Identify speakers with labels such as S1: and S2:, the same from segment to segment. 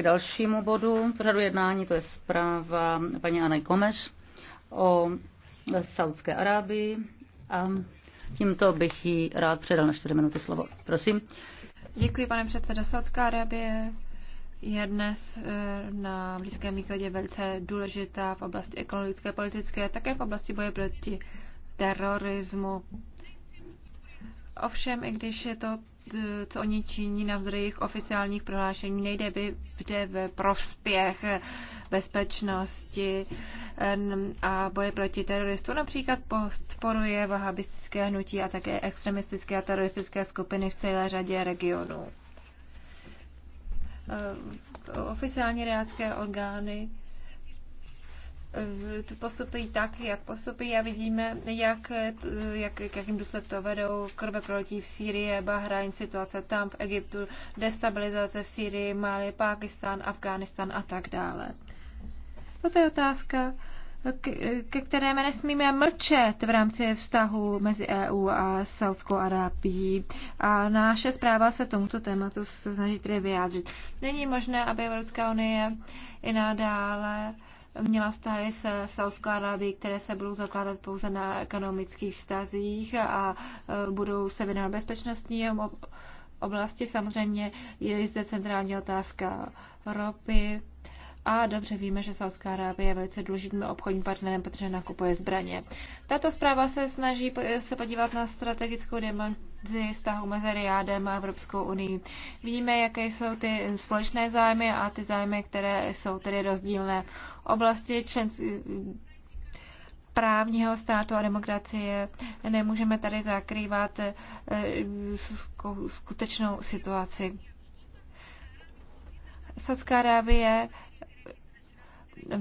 S1: k dalšímu bodu pořadu jednání, to je zpráva paní Anny Komeš o Saudské Arábii a tímto bych jí rád předal na 4 minuty slovo. Prosím.
S2: Děkuji, pane předsedo. Saudská Arábie je dnes eh, na Blízkém východě velice důležitá v oblasti ekologické, politické a také v oblasti boje proti terorismu. Ovšem, i když je to co oni činí navzdory jejich oficiálních prohlášení, nejde by jde ve prospěch bezpečnosti a boje proti teroristům. Například podporuje vahabistické hnutí a také extremistické a teroristické skupiny v celé řadě regionů. Oficiální reácké orgány Eh, postupují tak, jak postupují a vidíme, jak, jak, jakým jakým to vedou krveprolití v Sýrii, Bahrain, situace tam v Egyptu, destabilizace v Sýrii, Mali, Pákistán, Afghánistán a tak dále. To je otázka, ke které my nesmíme mlčet v rámci vztahu mezi EU a Saudskou Arábií. A naše zpráva se tomuto tématu snaží tedy vyjádřit. Není možné, aby Evropská unie i nadále uh, měla vztahy se Saudskou Arábií, které se budou zakládat pouze na ekonomických vztazích a e, budou se věnovat bezpečnostní oblasti. Samozřejmě je zde centrální otázka ropy. A dobře víme, že Saudská Arábie je velice důležitým obchodním partnerem, protože nakupuje zbraně. Tato zpráva se snaží se podívat na strategickou vztahu mezi Riádem a Evropskou unii. Víme, jaké jsou ty společné zájmy a ty zájmy, které jsou tedy rozdílné. Oblasti člen, právního státu a demokracie nemůžeme tady zakrývat eh, skutečnou situaci. Saudská Arábie eh,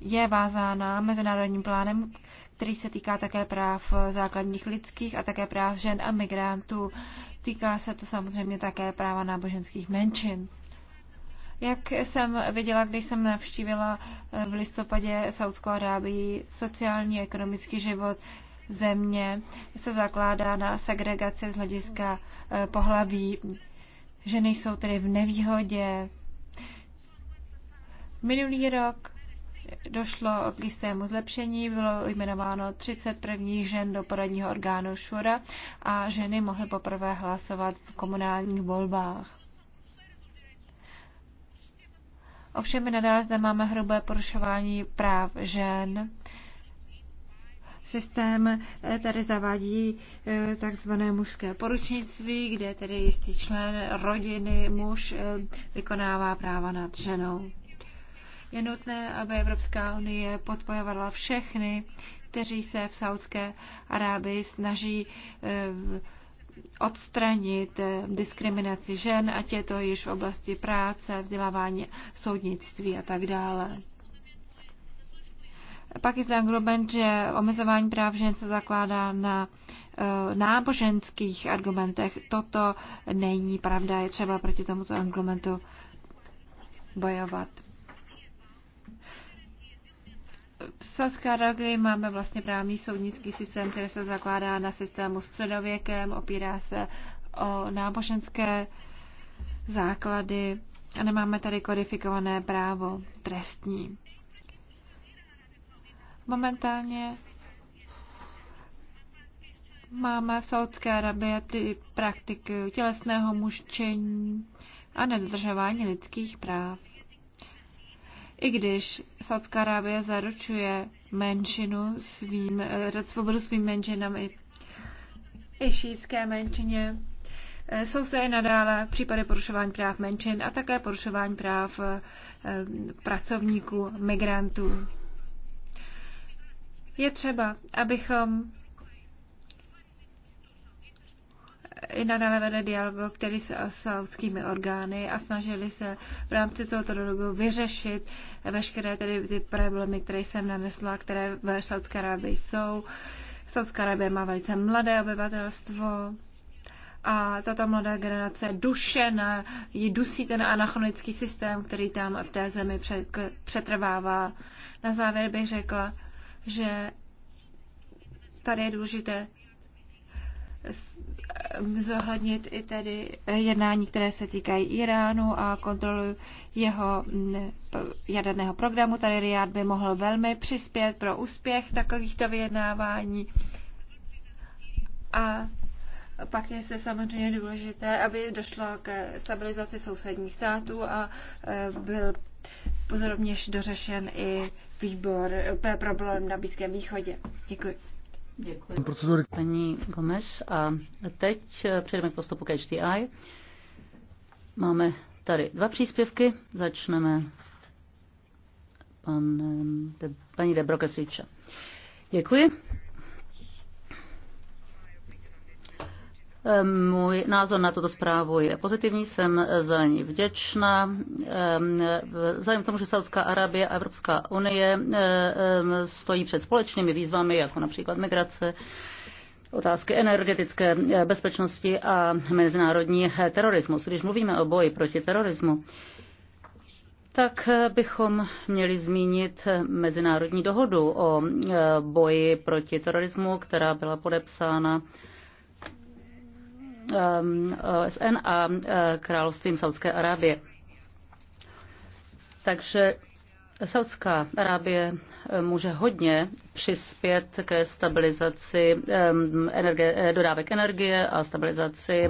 S2: je vázána mezinárodním plánem, který se týká také práv základních lidských a také práv žen a migrantů. Týká se to samozřejmě také práva náboženských menšin. Jak jsem viděla, když jsem navštívila eh, v listopadě Saudskou Arábii, sociální a ekonomický život země se zakládá na segregaci z hlediska eh, pohlaví. Ženy jsou tedy v nevýhodě. Minulý rok došlo k jistému zlepšení, bylo jmenováno 30 prvních žen do poradního orgánu Šura a ženy mohly poprvé hlasovat v komunálních volbách. Ovšem i nadále zde máme hrubé porušování práv žen. Systém eh, tady zavádí eh, takzvané mužské poručnictví, kde tedy jistý člen rodiny muž eh, vykonává práva nad ženou. Je nutné, aby Evropská unie podporovala všechny, kteří se v Saudské Arábii snaží eh, odstranit eh, diskriminaci žen, ať je to již v oblasti práce, vzdělávání, soudnictví a tak dále. Pak je zde argument, že omezování práv žen se zakládá na eh, náboženských argumentech. Toto není pravda, je třeba proti tomuto argumentu bojovat. Saská rogy máme vlastně právní soudnický systém, který se zakládá na systému středověkem, opírá se o náboženské základy a nemáme tady kodifikované právo trestní. Momentálně máme v Saudské Arabii ty praktiky tělesného mučení a nedodržování lidských práv i když Saudská Arábie zaručuje menšinu svým, eh, svobodu svým menšinám i, i šítské menšině, eh, jsou zde i nadále případy porušování práv menšin a také porušování práv eh, pracovníků, migrantů. Je třeba, abychom i nadále vedli dialog, který s saudskými orgány a snažili se v rámci tohoto dialogu vyřešit veškeré tedy ty problémy, které jsem nanesla, které ve Saudské Arábii jsou. Saudská Arábie má velice mladé obyvatelstvo, a tato mladá generace je na ji dusí ten anachronický systém, který tam v té zemi přetrvává. Na závěr bych řekla, že tady je důležité Eh, zohlednit i tedy eh, jednání, které se týkají Iránu a kontrolu jeho mm, jaderného programu. Tady Riad by mohl velmi přispět pro úspěch takovýchto vyjednávání. A pak je se samozřejmě důležité, aby došlo k stabilizaci sousedních států a eh, byl pozorovněž dořešen i výbor problém na Blízkém východě. Děkuji. Děkuji. Procedury.
S1: Paní Gomes a teď přejdeme k postupu k HDI. Máme tady dva příspěvky. Začneme pan, paní Debrokesiče. Děkuji. Ehm, můj názor na tuto zprávu je pozitivní, jsem za ní vděčná. Ehm, vzhledem k tomu, že Saudská Arábie a Evropská unie eh, ehm, stojí před společnými výzvami, jako například migrace, otázky energetické eh, bezpečnosti a mezinárodní eh, terorismus. Když mluvíme o boji proti terorismu, tak bychom měli zmínit mezinárodní dohodu o boji proti terorismu, která byla podepsána Um, OSN a uh, královstvím Saudské Arábie. Takže Saudská Arábie uh, může hodně přispět ke stabilizaci energie, eh, dodávek energie a stabilizaci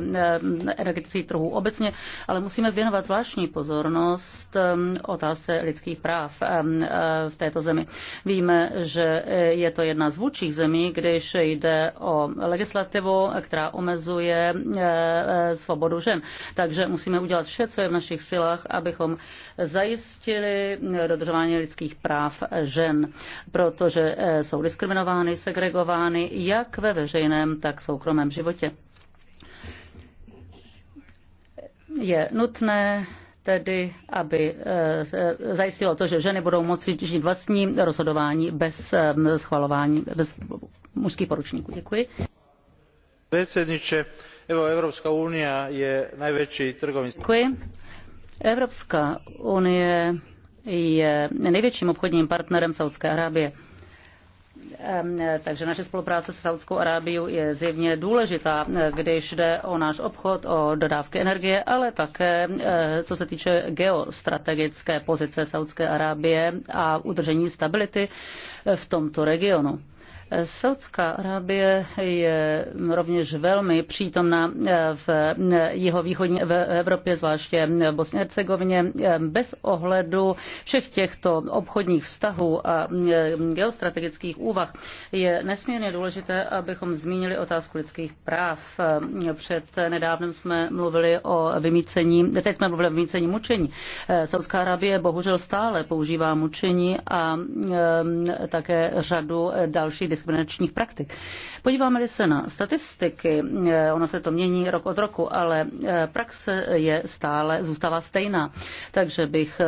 S1: energetických trhů obecně, ale musíme věnovat zvláštní pozornost otázce lidských práv eh, v této zemi. Víme, že eh, je to jedna z vůdčích zemí, když jde o legislativu, která omezuje svobodu žen. Takže musíme udělat vše, co je v našich silách, abychom zajistili dodržování lidských práv žen, protože jsou diskriminovány, segregovány jak ve veřejném, tak soukromém životě. Je nutné tedy, aby eh, zajistilo to, že ženy budou moci žít vlastní rozhodování bez eh, schvalování, bez mužských poručníků. Děkuji.
S2: Předsedniče, Evropská unie je největší trgovinský... Děkuji.
S1: Evropská unie je největším obchodním partnerem Saudské Arábie takže naše spolupráce s Saudskou Arábií je zjevně důležitá, když jde o náš obchod, o dodávky energie, ale také eh, co se týče geostrategické pozice Saudské Arábie a udržení stability eh, v tomto regionu. Saudská Arábie je rovněž velmi přítomná v jeho východní v Evropě, zvláště v Bosně Hercegovině, bez ohledu všech těchto obchodních vztahů a geostrategických úvah je nesmírně důležité, abychom zmínili otázku lidských práv. Před nedávnem jsme mluvili o vymícení, teď jsme mluvili o vymícení mučení. Saudská Arábie bohužel stále používá mučení a také řadu dalších diskriminačních praktik. Podíváme-li se na statistiky, ono se to mění rok od roku, ale praxe je stále, zůstává stejná. Takže bych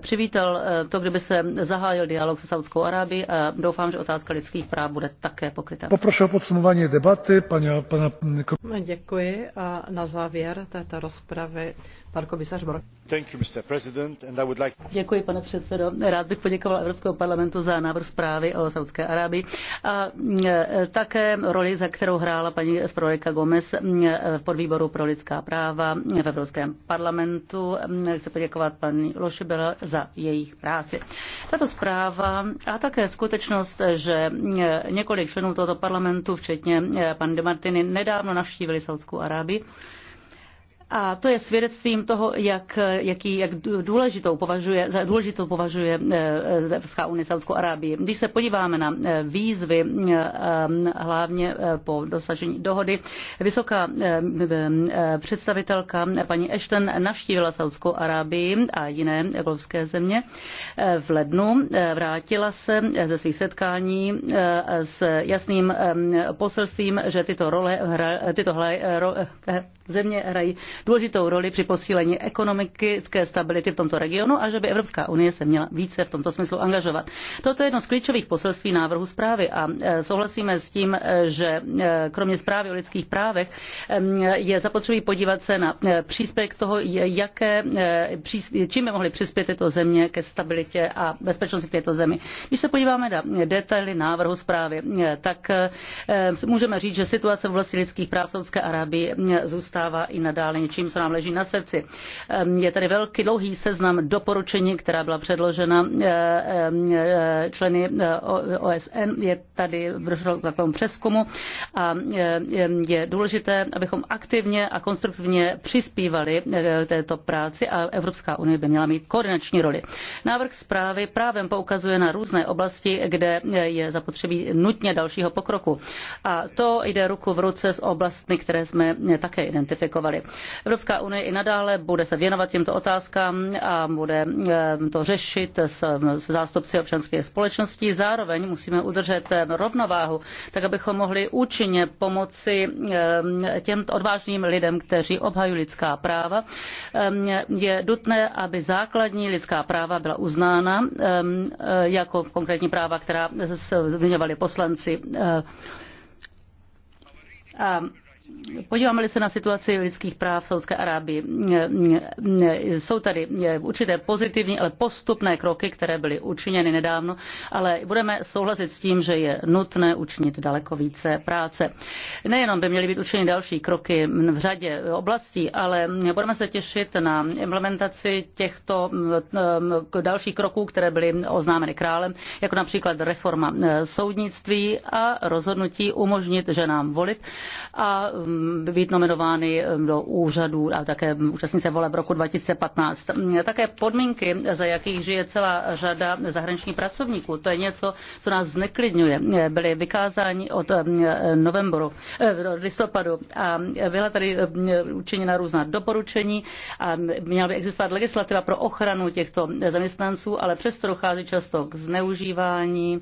S1: přivítal to, kdyby se zahájil dialog se Saudskou Arábií a doufám, že otázka lidských práv bude také pokrytá.
S2: Poprosím o podsumování debaty pana, pana...
S1: Děkuji a na závěr této rozpravy Děkuji, pane předsedo. Rád bych poděkoval Evropskému parlamentu za návrh zprávy o Saudské Arábii a e, také roli, za kterou hrála paní zpravodajka Gomez e, v podvýboru pro lidská práva v Evropském parlamentu. E, chci poděkovat paní Lošibel za jejich práci. Tato zpráva a také skutečnost, že několik členů tohoto parlamentu, včetně pan de Martiny, nedávno navštívili Saudskou Arábii, a to je svědectvím toho, jak, jaký, jak důležitou považuje, za důležitou považuje eh, eh, Evropská unie Saudskou Arábii. Když se podíváme na eh, výzvy, hlavně po dosažení dohody, vysoká představitelka paní Ashton navštívila Saudskou Arábii a jiné evropské země v lednu. Vrátila se ze svých setkání s jasným poselstvím, že tyto role, tyto hle, ro, země hrají důležitou roli při posílení ekonomické stability v tomto regionu a že by Evropská unie se měla více v tomto smyslu angažovat. Toto je jedno z klíčových poselství návrhu zprávy a e, souhlasíme s tím, e, že e, kromě zprávy o lidských právech je zapotřebí podívat se na příspěvek toho, jaké, čím by mohly přispět tyto země ke stabilitě a bezpečnosti v této zemi. Když se podíváme na detaily návrhu zprávy, tak můžeme říct, že situace v oblasti lidských práv v Saudské Arábii zůstává zůstává i nadále něčím, co nám leží na srdci. Je tady velký dlouhý seznam doporučení, která byla předložena eh, eh, eh, členy OSN. Je tady v takovém přeskumu a je důležité, abychom aktivně a konstruktivně přispívali této práci a Evropská unie by měla mít koordinační roli. Návrh zprávy právem poukazuje na různé oblasti, kde je zapotřebí nutně dalšího pokroku. A to jde ruku v ruce s oblastmi, které jsme také identifikovali identifikovali. Evropská unie i nadále bude se věnovat těmto otázkám a bude eh, to řešit s, s zástupci občanské společnosti. Zároveň musíme udržet eh, rovnováhu, tak abychom mohli účinně pomoci eh, těm odvážným lidem, kteří obhajují lidská práva. Je nutné, aby základní lidská práva byla uznána jako konkrétní práva, která zmiňovali poslanci. A Podíváme-li se na situaci lidských práv v Saudské Arábii, eh, eh, jsou tady eh, určité pozitivní, ale postupné kroky, které byly učiněny nedávno, ale budeme souhlasit s tím, že je nutné učinit daleko více práce. Nejenom by měly být učiněny další kroky v řadě oblastí, ale budeme se těšit na implementaci těchto dalších kroků, které byly oznámeny králem, jako například reforma soudnictví a rozhodnutí umožnit ženám volit a Um, být nominovány um, do úřadů a také účastnice voleb roku 2015. Mm, také podmínky, za jakých žije celá řada zahraničních pracovníků, to je něco, co nás zneklidňuje. Byly vykázáni od um, novembru, eh, listopadu a byla tady učiněna různá doporučení a měla by existovat legislativa pro ochranu těchto zaměstnanců, ale přesto dochází často k zneužívání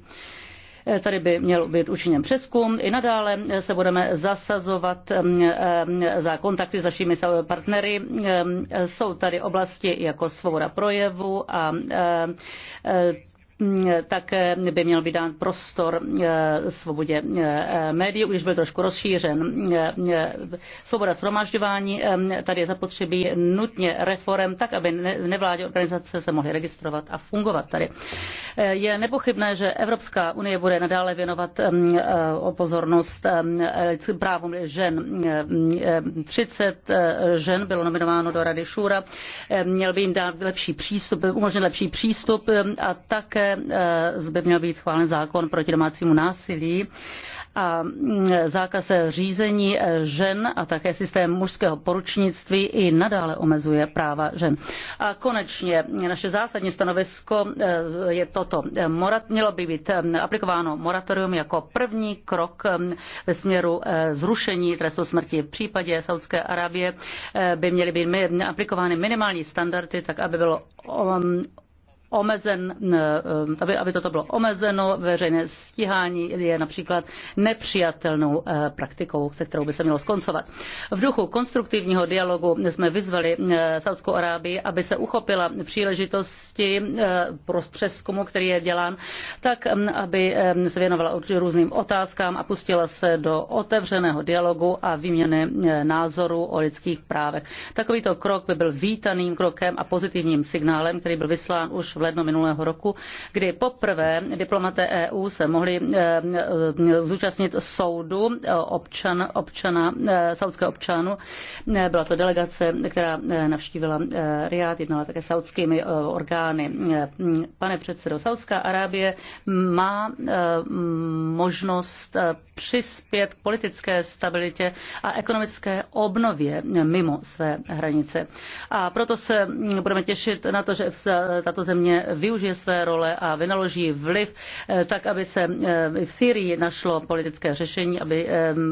S1: Tady by měl být učiněn přeskum. I nadále se budeme zasazovat za kontakty s našimi partnery. Jsou tady oblasti jako svoboda projevu a tak by měl být dán prostor eh, svobodě eh, médií, už byl trošku rozšířen. Eh, svoboda shromažďování, tady je zapotřebí nutně reform, tak aby nevládě organizace se mohly registrovat a fungovat tady. Je nepochybné, že Evropská unie bude nadále věnovat pozornost právům žen. 30 žen bylo nominováno do Rady Šura, měl by jim dát lepší přístup, umožnit lepší přístup a také Eh, Dále by měl být schválen zákon proti domácímu násilí a mm, zákaz řízení žen a také systém mužského poručnictví i nadále omezuje práva žen. A konečně naše zásadní stanovisko eh, je toto. Mělo by být eh, aplikováno moratorium jako první krok ve směru zrušení trestu smrti. V případě Saudské Arabie by měly být aplikovány minimální standardy, tak aby bylo um, omezen, eh, eh, aby, aby toto bylo omezeno, veřejné stíhání je například nepřijatelnou eh, praktikou, se kterou by se mělo skoncovat. V duchu konstruktivního dialogu jsme vyzvali Saudskou Arábii, aby se uchopila příležitosti pro přeskumu, který je dělán, tak, mm, aby se věnovala různým otázkám a pustila se do otevřeného dialogu a výměny názorů o lidských právech. Takovýto krok by byl vítaným krokem a pozitivním signálem, který byl vyslán už v lednu minulého roku, kdy poprvé diplomaté EU se mohli eh, eh, zúčastnit soudu eh, občan, občana, saudského občanu. Byla to delegace, která navštívila Riad, jednala také saudskými orgány. Pane předsedo, Saudská Arábie má možnost přispět k politické stabilitě a ekonomické obnově mimo své hranice. A proto se hm, budeme těšit na to, že tato země samozřejmě využije své role a vynaloží vliv eh, tak, aby se eh, v Syrii našlo politické řešení, aby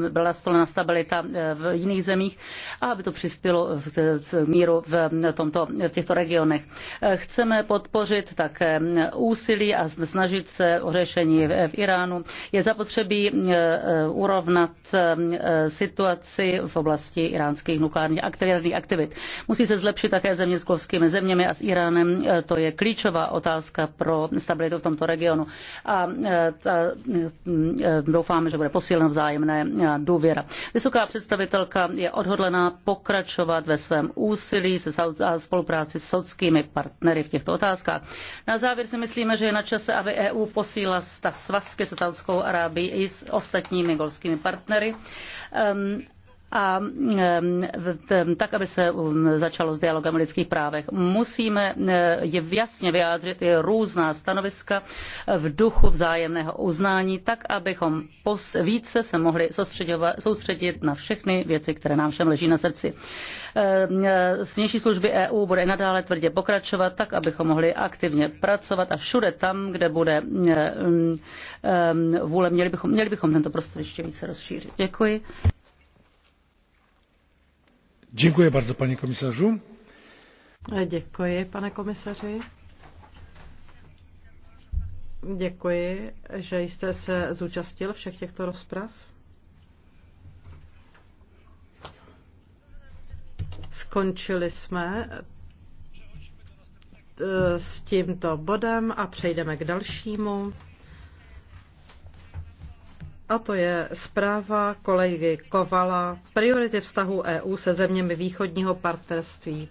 S1: byla stolena stabilita eh, v jiných zemích a aby to přispělo v míru v, tomto, v těchto regionech. Chceme podpořit také úsilí a snažit se o řešení v Iránu. Je zapotřebí urovnat situaci v oblasti iránských nukleárních aktivit. Musí se zlepšit také země s zeměmi a s Iránem. To je klíč klíčová otázka pro stabilitu v tomto regionu a e, e, doufáme, že bude posílena vzájemné důvěra. Vysoká představitelka je odhodlená pokračovat ve svém úsilí se spolupráci s saudskými partnery v těchto otázkách. Na závěr si myslíme, že je na čase, aby EU posílala svazky se Saudskou Arábií i s ostatními golskými partnery a tak, aby se um, začalo s dialogem o lidských právech. Musíme eh, je jasně vyjádřit i různá stanoviska v duchu vzájemného uznání, tak, abychom pos, více se mohli soustředit na všechny věci, které nám všem leží na srdci. Smější eh, služby EU bude i nadále tvrdě pokračovat, tak, abychom mohli aktivně pracovat a všude tam, kde bude vůle, měli bychom, měli bychom tento prostor ještě více rozšířit. Děkuji.
S2: Děkuji bardzo, pane komisařu. Děkuji, pane komisaři. Děkuji, že jste se zúčastnil všech těchto rozprav. Skončili jsme eh, s tímto bodem a přejdeme k dalšímu a to je zpráva kolegy Kovala Priority vztahu EU se zeměmi východního partnerství.